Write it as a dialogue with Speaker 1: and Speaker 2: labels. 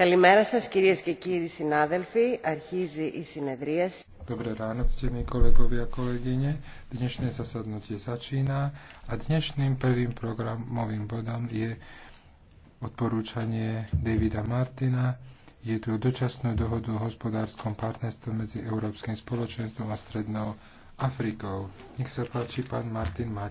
Speaker 1: Καλημέρα σας κυρίες και κύριοι συνάδελφοι. Αρχίζει η συνεδρίαση.
Speaker 2: Dobré ráno, ctení kolegovia a kolegyne. Dnešné zasadnutie začína a dnešným prvým programovým bodom je odporúčanie Davida Martina. Je tu dočasnú dohodu o hospodárskom partnerstve medzi Európskym spoločenstvom a Strednou Afrikou. Nech sa páči, pán Martin, máte